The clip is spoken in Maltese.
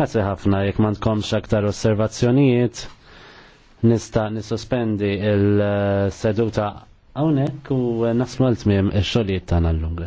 Grazzi ħafna, jekk tkomx aktar osservazzjonijiet, nista' nisospendi il-seduta hawnhekk u naslu għal tmiem ix-xogħlijiet tagħna llum,